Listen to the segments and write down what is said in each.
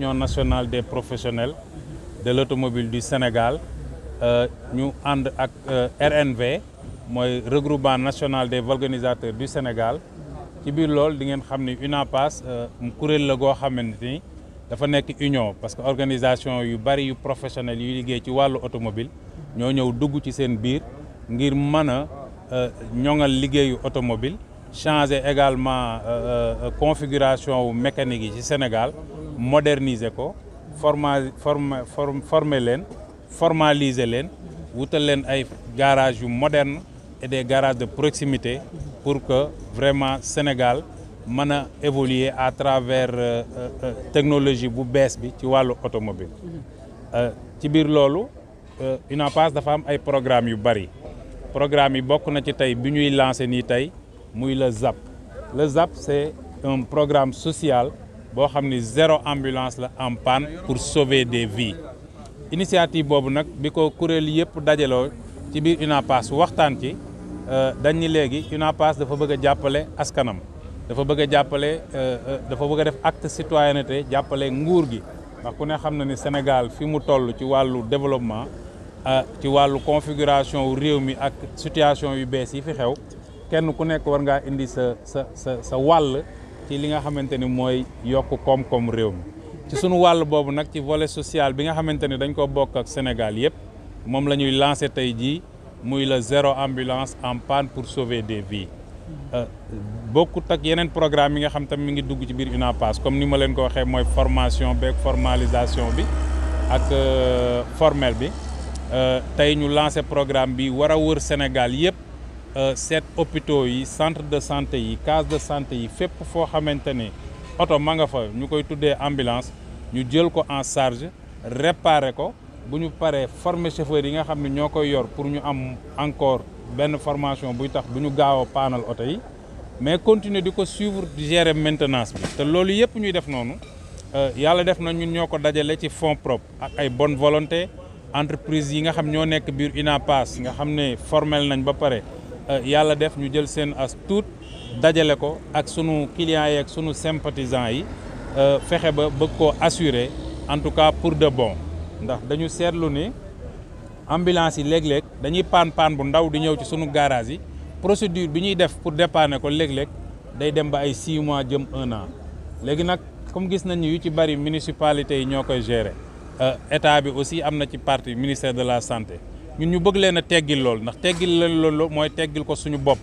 union nationale des professionnels de l'automobile du Sénégal euh, ñu ànd ak euh, RNV mooy regroupement national des organisateurs du Sénégal ci biir lool di ngeen xam ni UNAPAS euh, kuréel la goo xamante ni dafa nekk union parce que organisation yu bari yu professionnel yu liggéey ci wàllu automobile ñoo ñëw dugg ci seen biir ngir mën a ñoŋal liggéeyu automobile changer également euh, euh, euh, configuration wu mécanique yi ci Sénégal moderniser ko forma form former leen formaliser leen wutal leen ay garages yu moderne et des garages de proximité pour que vraiment Sénégal mën a évoluer à travers technologie bu bees bi ci wàllu automobile ci biir loolu UNAPAS dafa am ay programmes yu bari programme yi bokk na ci tey bi ñuy lancer nii tey muy le ZAP le ZAP c'est un programme sociale boo xam ni zéro ambulance la en panne pour sauver des vie initiative boobu nag bi ko kuréel yëpp dajaloo ci biir UNAPAS waxtaan ci euh, dañ ni léegi UNAPAS dafa bëgg a jàppale askanam dafa bëgg a jàppale euh, euh, dafa bëgg a def acte citoyenneté jàppale nguur gi ndax ku ne xam na ni Sénégal fi mu toll ci wàllu développement ci wàllu configuration réew mi ak situation yu bees yi fi xew kenn ku nekk war ngaa indi sa sa sa sa wàll ci li nga xamante ni mooy yokk koom-koom réew mi ci sunu wàll boobu nag ci volet social bi nga xamante ni dañ ko bokk ak Sénégal yëpp moom la ñuy lancé tey jii muy la zéro ambulance en panne pour sauver des vies euh, bokkut ak yeneen programme yi nga xam tam mi ngi dugg ci biir UNAPAS comme ni ma leen ko waxee mooy formation beeg formalisation bi ak euh, formel bi euh, tey ñu lancé programme bi war a wër Sénégal yëpp Euh, seet hôpitaux yi centre de santé yi case de santé yi fépp foo xamante ne oto manga nga fa ñu koy tuddee ambulance ñu jël ko en charge réparer ko bu ñu paree former chauffeur yi nga xam ne ñoo koy yor pour ñu am encore benn formation buy tax bu ñu gaaw a paanal oto yi mais continuer di ko suivre di gérer maintenance bi te loolu yëpp ñuy def noonu euh, yàlla def na ñun ñoo ko dajale ci fonds propre ak ay bonne volonté entreprise yi nga xam ñoo nekk biir UNAPAS nga xam ne formel nañ ba pare Euh, yàlla def ñu jël seen as tuut dajale ko ak sunu clients yi ak sunu sympathisants yi euh, fexe ba bëgg ko assurer en tout cas pour de bon ndax dañu seetlu ni ambulance yi léeg-léeg dañuy paan paan bu ndaw di ñëw ci sunu garage yi procédure bi ñuy def pour dépanner ko léeg-léeg day dem ba ay 6 mois jëm 1 an léegi nag comme gis nañu yu ci bari municipalité yi ñoo koy gérer euh, état bi aussi am na ci partie ministère de la santé. ñun ñu bëgg leen a teggil lool ndax teggil leen loolu mooy teggil ko suñu bopp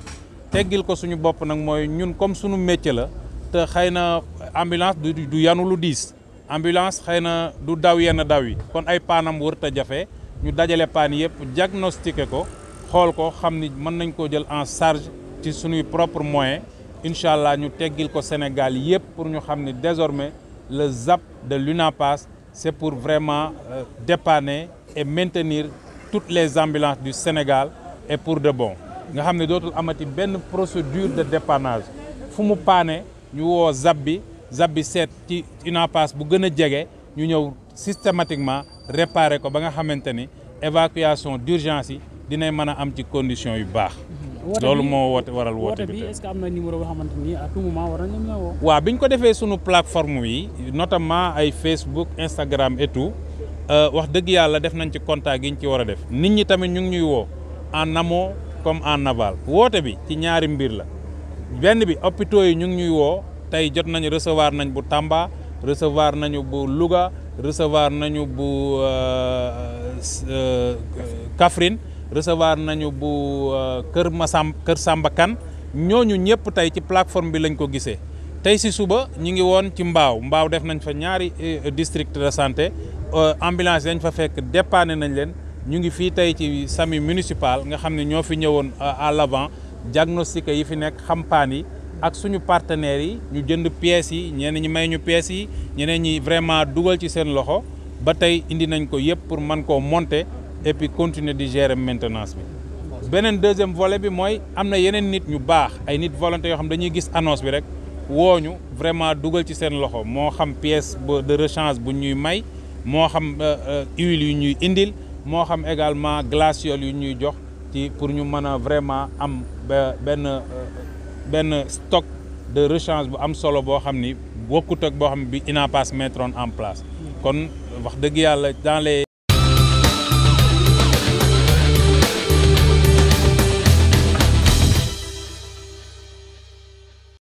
teggil ko suñu bopp nag mooy ñun comme suñu métier la te xëy na ambulance du du yanu lu diis ambulance xëy na du daw yenn daw yi kon ay paanam wërta jafe ñu dajale paan yëpp diagnostiqué ko xool ko xam ni mën nañ koo jël en charge ci suñuy propre moyen incha allah ñu teggil ko Sénégal yëpp pour ñu xam ne désormais le ZAP de l'UNAPAS c'est pour vraiment euh, dépanner et maintenir toutes les ambulances du Sénégal et pour de bon nga xam ne dootul amati benn procédure de dépannage fu mu paane ñu woo zab bi zab seet ci UNAPAS bu gën a jege ñu ñëw systématiquement réparer ko ba nga xamante ni évacuation d'urgence yi dinay mën a am ci condition yu baax. loolu moo woote waral woote bi est-ce am na numéro boo xamante ni à tout moment bi ñu ko defee sunu plateforme yi notamment ay Facebook Instagram et tout. Euh, wax dëgg yàlla def nañ ci contact gi ñu ci war a def nit ñi tamit ñu ngi ñuy woo en amont comme en naval woote bi ci ñaari mbir la benn bi hôpitaux yi ñu ngi ñuy woo tey jot nañu recevoir nañ bu Tamba resevoir nañu bu Louga resevoir nañu bu euh, euh, Kaffrine recevoir nañu bu Kër Masam Kër Samba Kane ñooñu ñëpp tey ci plateforme bi lañ ko gisee tey si suba ñu ngi woon ci mbaaw mbaaw def nañ fa ñaari eh, district de santé euh, ambulance dañ fa fekk dépanné nañ leen ñu ngi fii tey ci sami municipal nga xam ne ñoo fi ñëwoon euh, à l'avant diagnostiqué yi fi nekk xampaan yi ak suñu partenaires yi ñu jënd pièces yi ñeneen ñi may ñu pièces yi ñeneen ñi vraiment dugal ci seen loxo ba tey indi nañ ko yëpp pour mën koo monter et puis continuer di gérer maintenance bi beneen deuxième volet bi mooy am na yeneen nit ñu baax ay nit volontaires yoo xam dañuy gis annonce bi rek wooñu vraiment dugal ci seen loxo moo xam pièce de rechange bu ñuy may moo xam euh, euh, huile yu ñuy indil moo xam également glaciol yu ñuy jox ci pour ñu mën a vraiment am benn euh, benn stock de rechange bu am solo boo xam ni bokkut ak boo xam bi INAPAS mettroon en place hmm. kon wax dëgg yàlla dans